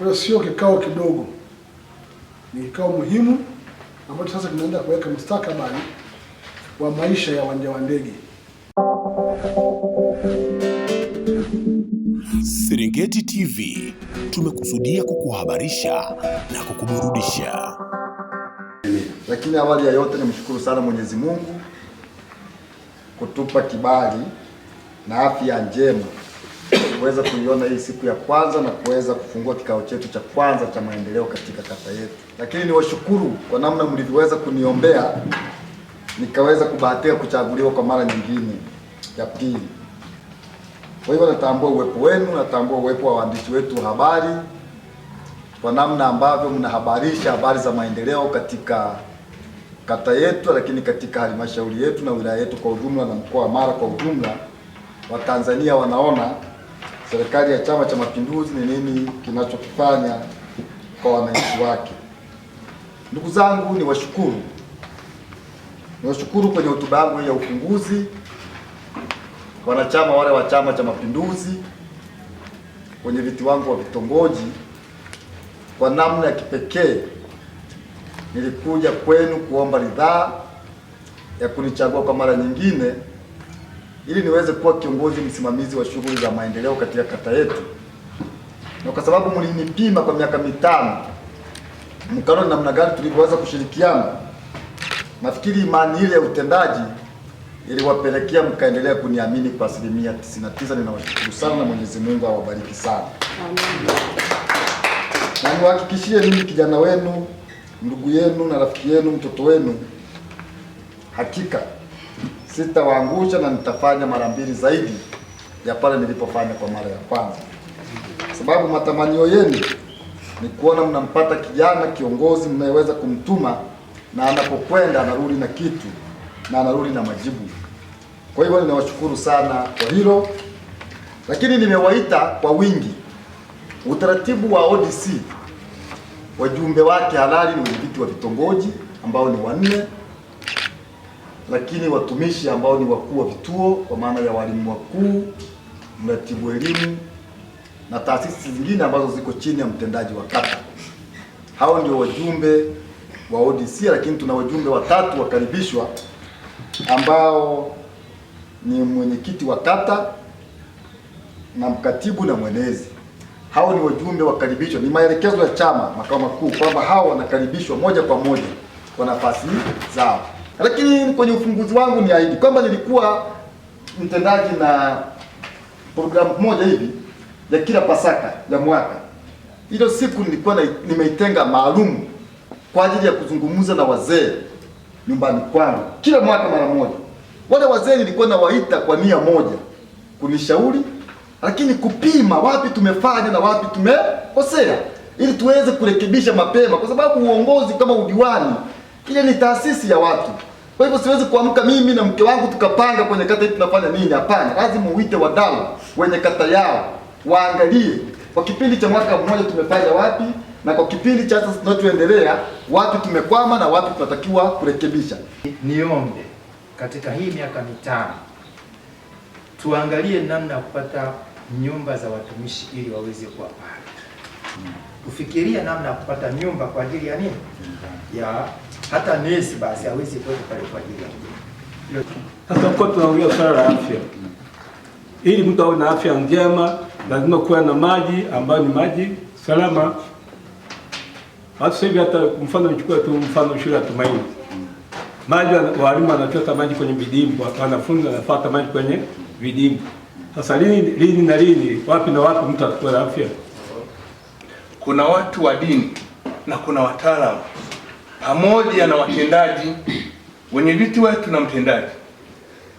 Kwa hiyo sio kikao kidogo, ni kikao muhimu ambacho sasa kinaenda kuweka mustakabali wa maisha ya uwanja wa ndege. Serengeti TV tumekusudia kukuhabarisha na kukuburudisha. Lakini awali ya yote nimshukuru sana Mwenyezi Mungu kutupa kibali na afya njema kuweza kuiona hii siku ya kwanza na kuweza kufungua kikao chetu cha kwanza cha maendeleo katika kata yetu. Lakini niwashukuru kwa namna mlivyoweza kuniombea nikaweza kubahatika kuchaguliwa kwa mara nyingine ya pili. Kwa hivyo natambua uwepo wenu, natambua uwepo wa waandishi wetu wa habari kwa namna ambavyo mnahabarisha habari za maendeleo katika kata yetu, lakini katika halmashauri yetu na wilaya yetu kwa ujumla na mkoa wa Mara kwa ujumla. Watanzania wanaona serikali ya Chama cha Mapinduzi ni nini kinachokifanya kwa wananchi wake. Ndugu zangu, ni washukuru ni washukuru kwenye hotuba yangu ya ufunguzi wanachama wale wa Chama cha Mapinduzi, kwenye viti wangu wa vitongoji, kwa namna ya kipekee nilikuja kwenu kuomba ridhaa ya kunichagua kwa mara nyingine ili niweze kuwa kiongozi msimamizi wa shughuli za maendeleo katika kata yetu, na kwa sababu mlinipima kwa miaka mitano mkaona namna gani tulivyoweza kushirikiana, nafikiri imani ile ya utendaji iliwapelekea mkaendelea kuniamini kwa asilimia 99. Ninawashukuru sana na Mwenyezi Mungu awabariki sana. Amen. Na niwahakikishie mimi kijana wenu, ndugu yenu na rafiki yenu, mtoto wenu, hakika sitawaangusha na nitafanya mara mbili zaidi ya pale nilipofanya kwa mara ya kwanza, sababu matamanio yenu ni kuona mnampata kijana kiongozi mnayeweza kumtuma na anapokwenda anarudi na kitu na anarudi na majibu. Kwa hivyo ninawashukuru sana kwa hilo, lakini nimewaita kwa wingi. Utaratibu wa ODC wajumbe wake halali ni wenyeviti wa vitongoji ambao ni wanne lakini watumishi ambao ni wakuu wa vituo kwa maana ya walimu wakuu, mratibu elimu na taasisi zingine ambazo ziko chini ya mtendaji wa kata. Hao ndio wajumbe wa ODC, lakini tuna wajumbe watatu wakaribishwa ambao ni mwenyekiti wa kata na mkatibu na mwenezi. Hao ni wajumbe wakaribishwa, ni maelekezo ya chama makao makuu kwamba hao wanakaribishwa moja kwa moja kwa nafasi zao. Lakini kwenye ufunguzi wangu ni ahidi kwamba nilikuwa mtendaji na programu moja hivi ya kila Pasaka ya mwaka. Hilo siku nilikuwa nimeitenga maalum kwa ajili ya kuzungumza na wazee nyumbani kwangu kila mwaka mara moja. Wale wazee nilikuwa nawaita kwa nia moja, kunishauri lakini kupima wapi tumefanya na wapi tumekosea, ili tuweze kurekebisha mapema, kwa sababu uongozi kama udiwani ile ni taasisi ya watu. Kwa hivyo siwezi kuamka mimi na mke wangu tukapanga kwenye kata hii tunafanya nini. Hapana, lazima uite wadau wenye kata yao waangalie kwa kipindi cha mwaka mmoja tumefanya wapi, na kwa kipindi cha sasa tunachoendelea wapi tumekwama na wapi tunatakiwa kurekebisha. Niombe katika hii miaka mitano tuangalie namna ya kupata nyumba za watumishi ili waweze kuwa pale, kufikiria hmm. namna ya kupata nyumba kwa ajili ya nini hmm. ya hata nesi basi hawezi kwenda pale kwa ajili ya Sasa kwa tunaongea swala la afya, ili mtu awe na afya njema lazima kuwa na maji ambayo ni maji salama. Sasa hivi hata mfano nichukue tu mfano shule ya Tumaini, maji walimu wanachota maji kwenye vidimbwi, wanafunzi wanapata maji kwenye vidimbwi. Sasa lini lini na lini, wapi na wapi mtu atakuwa na afya? Kuna watu wa dini na kuna wataalamu pamoja na watendaji, wenye viti wetu na mtendaji.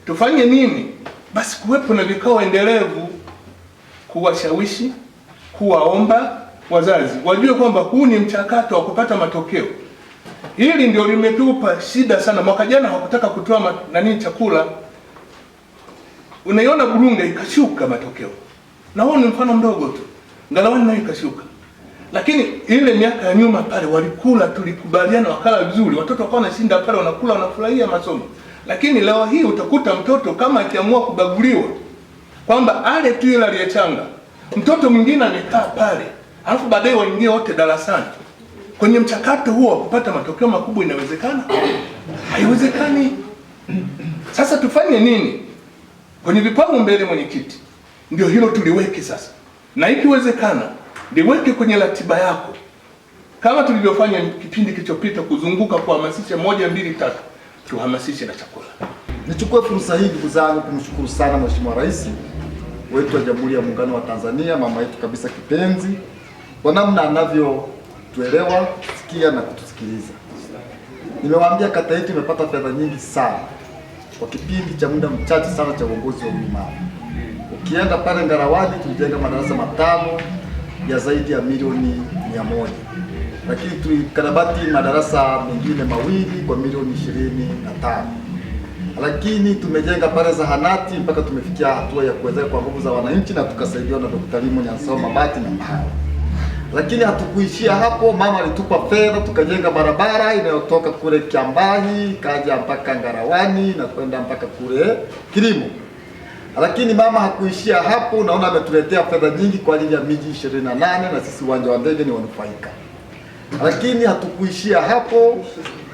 Tufanye nini? Basi kuwepo na vikao endelevu, kuwashawishi, kuwaomba wazazi wajue kwamba huu ni mchakato wa kupata matokeo. Hili ndio limetupa shida sana. Mwaka jana hawakutaka kutoa nani chakula, unaiona Burunga ikashuka matokeo, na huo ni mfano mdogo tu. Ngalawani nayo ikashuka lakini ile miaka ya nyuma pale walikula, tulikubaliana, wakala vizuri, watoto wakawa wanashinda pale, wanakula, wanafurahia masomo. Lakini leo hii utakuta mtoto kama akiamua kubaguliwa kwamba ale tu ile aliyechanga, mtoto mwingine amekaa pale, alafu baadaye waingie wote darasani. Kwenye mchakato huo kupata matokeo makubwa inawezekana? Haiwezekani. Sasa tufanye nini? Kwenye vipaumbele, mwenyekiti, ndio hilo tuliweke sasa, na ikiwezekana liweke kwenye ratiba yako, kama tulivyofanya kipindi kilichopita kuzunguka kuhamasisha moja mbili tatu, tuhamasishe na chakula. Nichukue fursa hii ndugu zangu kumshukuru sana Mheshimiwa Rais wetu wa Jamhuri ya Muungano wa Tanzania, mama yetu kabisa kipenzi, kwa namna anavyotuelewa, kusikia na kutusikiliza. Nimewaambia kata yetu imepata fedha nyingi sana kwa kipindi cha muda mchache sana cha uongozi wa Mwimara. Ukienda pale Ngarawadi tulijenga madarasa matano ya zaidi ya milioni mia moja lakini tulikarabati madarasa mengine mawili kwa milioni ishirini na tano lakini tumejenga pale zahanati mpaka tumefikia hatua ya kuwezeka kwa nguvu za wananchi na tukasaidiwa na Dr. Limon Mabati na Mbawa. Lakini hatukuishia hapo, mama alitupa fedha tukajenga barabara inayotoka kule Kiambahi kaja mpaka Ngarawani na kwenda mpaka kule Kilimo. Lakini mama hakuishia hapo, naona ametuletea fedha nyingi kwa ajili ya miji 28 na sisi uwanja wa ndege ni wanufaika. Lakini hatukuishia hapo,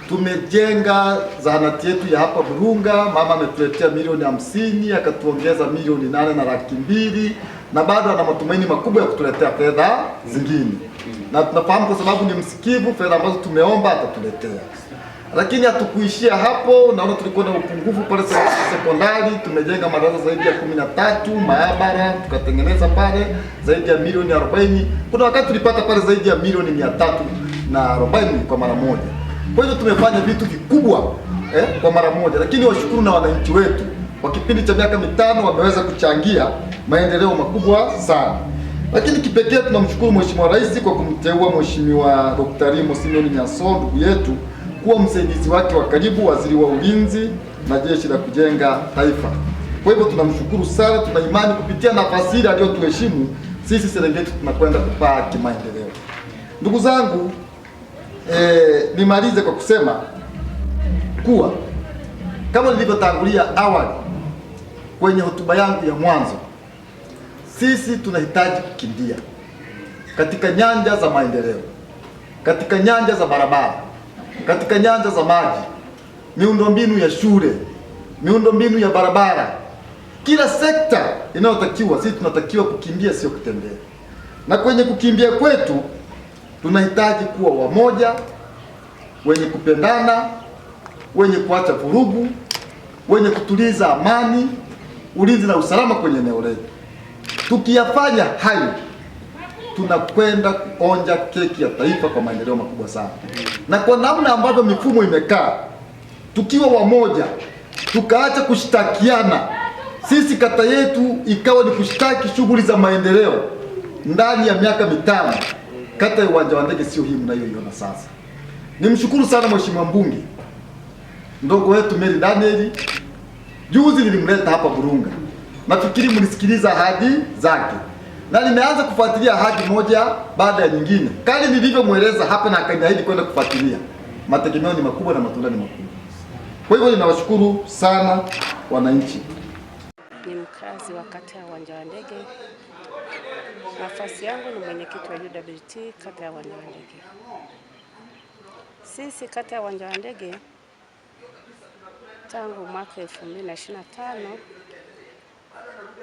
tumejenga zahanati yetu ya hapa Burunga. Mama ametuletea milioni hamsini, akatuongeza milioni nane na laki mbili, na bado ana matumaini makubwa ya kutuletea fedha zingine, na tunafahamu kwa sababu ni msikivu, fedha ambazo tumeomba atatuletea. Lakini hatukuishia hapo, naona tulikuwa na upungufu pale sekondari. Tumejenga madarasa zaidi ya kumi na tatu, maabara tukatengeneza pale zaidi ya milioni arobaini. Kuna wakati tulipata pale zaidi ya milioni mia tatu na arobaini kwa mara moja. Kwa hiyo tumefanya vitu vikubwa eh, kwa mara moja, lakini washukuru na wananchi wetu kwa kipindi cha miaka mitano wameweza kuchangia maendeleo makubwa sana. Lakini kipekee tunamshukuru Mheshimiwa Rais kwa kumteua Mheshimiwa Dr. Rimo Simoni Nyassou ndugu yetu kuwa msaidizi wake wa karibu, waziri wa ulinzi na jeshi la kujenga taifa. Kwa hivyo tunamshukuru sana, tuna imani kupitia nafasi ile aliyotuheshimu sisi Serengeti tunakwenda kupaa kimaendeleo. Ndugu zangu, eh, nimalize kwa kusema kuwa kama nilivyotangulia awali kwenye hotuba yangu ya mwanzo, sisi tunahitaji kukimbia katika nyanja za maendeleo, katika nyanja za barabara katika nyanja za maji, miundombinu ya shule, miundombinu ya barabara, kila sekta inayotakiwa. Sisi tunatakiwa kukimbia, sio kutembea, na kwenye kukimbia kwetu tunahitaji kuwa wamoja, wenye kupendana, wenye kuacha vurugu, wenye kutuliza amani, ulinzi na usalama kwenye eneo letu. Tukiyafanya hayo tunakwenda kuonja keki ya taifa kwa maendeleo makubwa sana, na kwa namna ambavyo mifumo imekaa, tukiwa wamoja, tukaacha kushtakiana, sisi kata yetu ikawa ni kushtaki shughuli za maendeleo, ndani ya miaka mitano kata ya uwanja wa ndege sio hii mnayoiona sasa. Nimshukuru sana mheshimiwa mbunge ndogo wetu Mary Daniel, juzi nilimleta hapa Burunga, nafikiri mlisikiliza ahadi zake na nimeanza kufuatilia haki moja baada ya nyingine, kali nilivyomweleza hapa, na akaniahidi kwenda kufuatilia. Mategemeo ni makubwa na matunda ni makubwa. Kwa hivyo ninawashukuru sana wananchi. Ni mkazi wa kata ya uwanja wa ndege, nafasi yangu ni mwenyekiti wa UWT kata ya uwanja wa ndege. Sisi kata ya uwanja wa ndege tangu mwaka 2025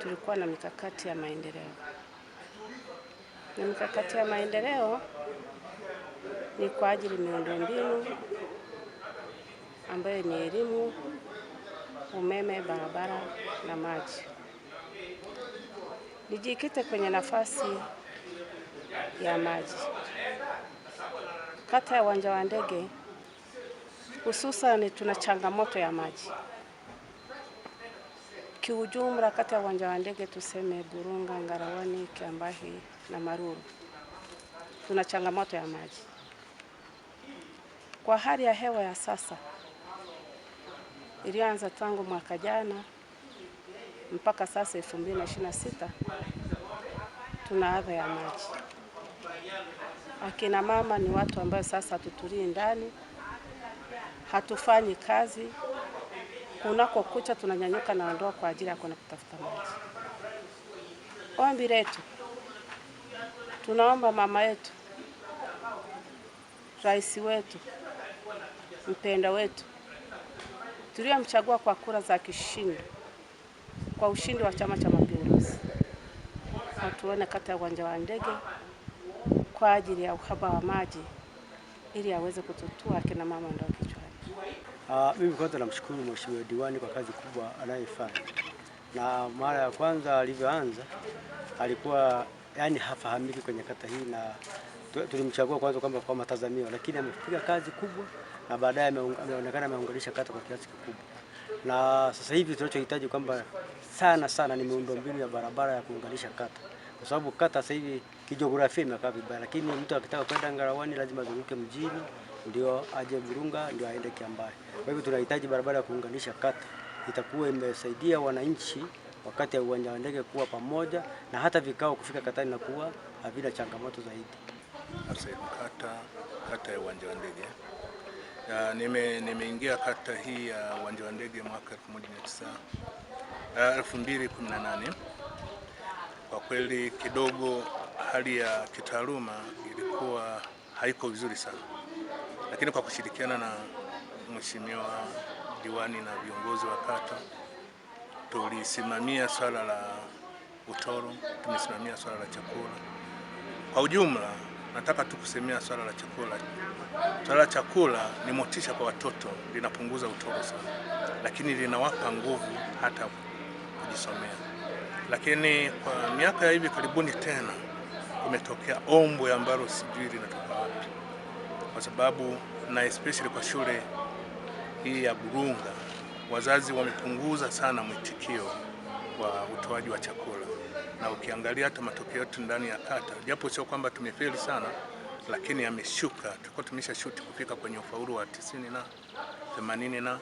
tulikuwa na mikakati ya maendeleo na mikakati ya maendeleo ni kwa ajili miundombinu ambayo ni elimu, umeme, barabara na maji. Nijikite kwenye nafasi ya maji. Kata ya uwanja wa ndege hususani tuna changamoto ya maji. Kiujumla, kata ya uwanja wa ndege tuseme Burunga, Ngarawani, Kiambahi na Maruru tuna changamoto ya maji. Kwa hali ya hewa ya sasa ilianza tangu mwaka jana mpaka sasa 2026 tuna adha ya maji. Akina mama ni watu ambao sasa hatutulii ndani, hatufanyi kazi, kucha tunanyanyuka na ndoa kwa ajili ya kwenda kutafuta maji. Ombi letu Tunaomba mama yetu, rais wetu, mpenda wetu tuliyomchagua kwa kura za kishindo kwa ushindi wa Chama cha Mapinduzi watuone kata ya uwanja wa ndege kwa ajili ya uhaba wa maji ili aweze kututua akina mama ndio kichwani. Uh, mimi kwanza namshukuru mheshimiwa diwani kwa kazi kubwa anayefanya, na mara ya kwanza alivyoanza alikuwa yani hafahamiki kwenye kata hii, na tulimchagua kwanza kwamba kwa matazamio, lakini amepiga kazi kubwa na baadaye ameonekana ameunganisha kata kwa kiasi kikubwa, na sasa hivi tunachohitaji kwamba sana sana ni miundombinu ya barabara ya kuunganisha kata, kwa sababu kata sasa hivi kijiografia imekaa vibaya, lakini mtu akitaka kwenda Ngarawani lazima azunguke mjini ndio aje Burunga ndio aende Kiambaa. Kwa hivyo tunahitaji barabara ya kuunganisha kata, itakuwa imesaidia wananchi wakati ya uwanja wa ndege kuwa pamoja na hata vikao kufika katani na kuwa havina changamoto zaidi. Kata, kata ya uwanja wa ndege nime nimeingia kata hii ya uwanja wa ndege mwaka 1998 Kwa kweli kidogo hali ya kitaaluma ilikuwa haiko vizuri sana, lakini kwa kushirikiana na mheshimiwa diwani na viongozi wa kata tulisimamia swala la utoro, tumesimamia swala la chakula kwa ujumla. Nataka tukusemea swala la chakula. Swala la chakula ni motisha kwa watoto, linapunguza utoro sana, lakini linawapa nguvu hata kujisomea. Lakini kwa miaka ya hivi karibuni tena kumetokea ombwe ambalo sijui linatoka wapi, kwa sababu na especially kwa shule hii ya Burunga wazazi wamepunguza sana mwitikio wa utoaji wa chakula, na ukiangalia hata matokeo yetu ndani ya kata, japo sio kwamba tumefeli sana, lakini yameshuka. Tulikuwa tumesha shuti kufika kwenye ufaulu wa tisini na themanini na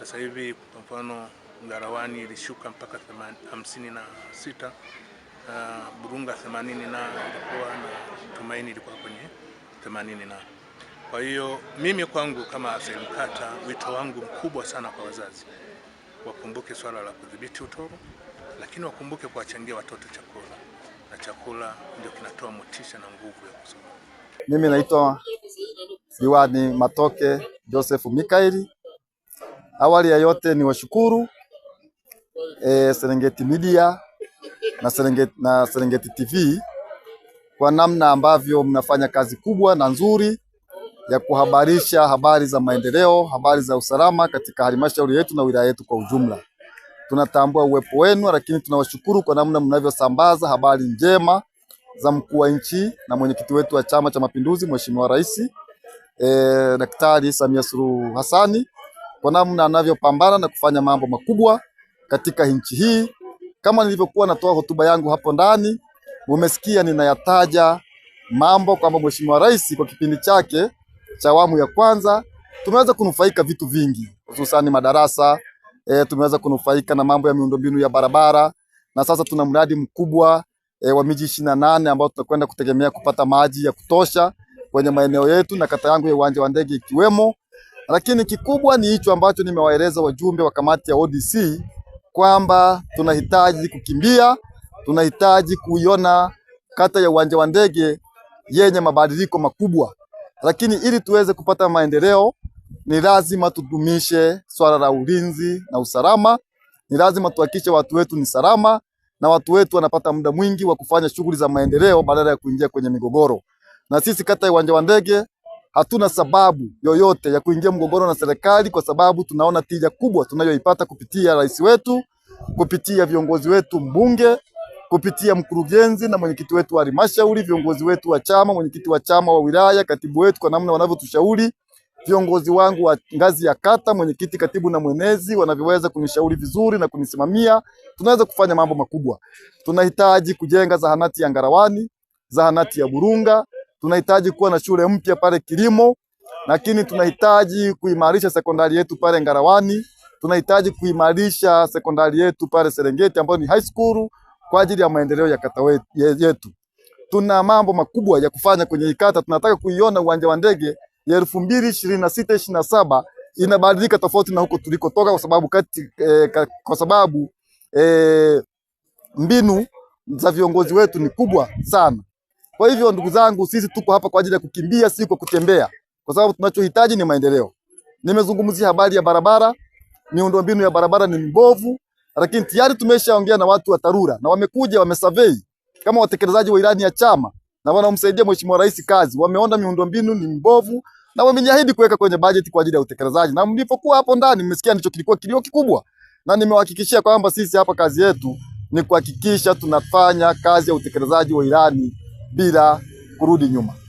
sasa hivi kwa mfano Ngarawani ilishuka mpaka hamsini na sita. Uh, Burunga themanini na ilikuwa na Tumaini ilikuwa kwenye themanini na kwa hiyo mimi kwangu kama afisa kata, wito wangu mkubwa sana kwa wazazi wakumbuke swala la kudhibiti utoro, lakini wakumbuke kuwachangia watoto chakula, na chakula ndio kinatoa motisha na nguvu ya kusoma. Mimi naitwa Diwani Matoke Joseph Mikaeli. Awali ya yote ni washukuru e, Serengeti Media na Serengeti, na Serengeti TV kwa namna ambavyo mnafanya kazi kubwa na nzuri ya kuhabarisha habari za maendeleo, habari za usalama katika halmashauri yetu na wilaya yetu kwa ujumla. Tunatambua uwepo wenu, lakini tunawashukuru kwa namna mnavyosambaza habari njema za mkuu wa nchi na mwenyekiti wetu wa Chama cha Mapinduzi, Mheshimiwa Rais e, Daktari Samia Suluhu hasani kwa namna anavyopambana na kufanya mambo makubwa katika nchi hii. Kama nilivyokuwa natoa hotuba yangu hapo ndani, mmesikia ninayataja mambo kwamba Mheshimiwa Rais kwa kipindi chake cha awamu ya kwanza tumeweza kunufaika vitu vingi, hususani madarasa e, tumeweza kunufaika na mambo ya miundombinu ya barabara, na sasa tuna mradi mkubwa e, wa miji ishirini na nane ambao tutakwenda kutegemea kupata maji ya kutosha kwenye maeneo yetu na kata yangu ya uwanja wa ndege ikiwemo. Lakini kikubwa ni hicho ambacho nimewaeleza wajumbe wa kamati ya ODC kwamba tunahitaji kukimbia, tunahitaji kuiona kata ya uwanja wa ndege yenye mabadiliko makubwa lakini ili tuweze kupata maendeleo, ni lazima tudumishe swala la ulinzi na usalama. Ni lazima tuhakikishe watu wetu ni salama na watu wetu wanapata muda mwingi wa kufanya shughuli za maendeleo badala ya kuingia kwenye migogoro. Na sisi kata ya Uwanja wa Ndege hatuna sababu yoyote ya kuingia mgogoro na serikali, kwa sababu tunaona tija kubwa tunayoipata kupitia rais wetu, kupitia viongozi wetu, mbunge kupitia mkurugenzi na mwenyekiti wetu wa halmashauri, viongozi wetu wa chama, mwenyekiti wa chama wa wilaya, katibu wetu kwa namna wanavyotushauri, viongozi wangu wa ngazi ya kata, mwenyekiti, katibu na mwenezi wanavyoweza kunishauri vizuri na kunisimamia, tunaweza kufanya mambo makubwa. Tunahitaji kujenga zahanati ya Ngarawani, zahanati ya Burunga, tunahitaji kuwa na shule mpya pale Kilimo, lakini tunahitaji kuimarisha sekondari yetu pale Ngarawani, tunahitaji kuimarisha sekondari yetu pale Serengeti ambayo ni high school kwa ajili ya maendeleo ya kata yetu. Tuna mambo makubwa ya kufanya kwenye kata. Tunataka kuiona uwanja wa ndege ya elfu mbili ishirini na sita ishirini na saba inabadilika tofauti na huko tulikotoka, kwa sababu kati, eh, kwa sababu eh, mbinu za viongozi wetu ni kubwa sana. Kwa hivyo ndugu zangu, sisi tuko hapa kwa ajili ya kukimbia, si kwa kutembea, kwa sababu tunachohitaji ni maendeleo. Nimezungumzia habari ya barabara, miundombinu ya barabara ni mbovu, lakini tayari tumeshaongea na watu wa TARURA na wamekuja wamesurvey kama watekelezaji wa ilani ya chama na wanaomsaidia mheshimiwa rais kazi, wameona miundombinu ni mbovu na wameniahidi kuweka kwenye bajeti kwa ajili ya utekelezaji. Na mlipokuwa hapo ndani, mmesikia ndicho kilikuwa kilio kikubwa, na nimewahakikishia kwamba sisi hapa kazi yetu ni kuhakikisha tunafanya kazi ya utekelezaji wa ilani bila kurudi nyuma.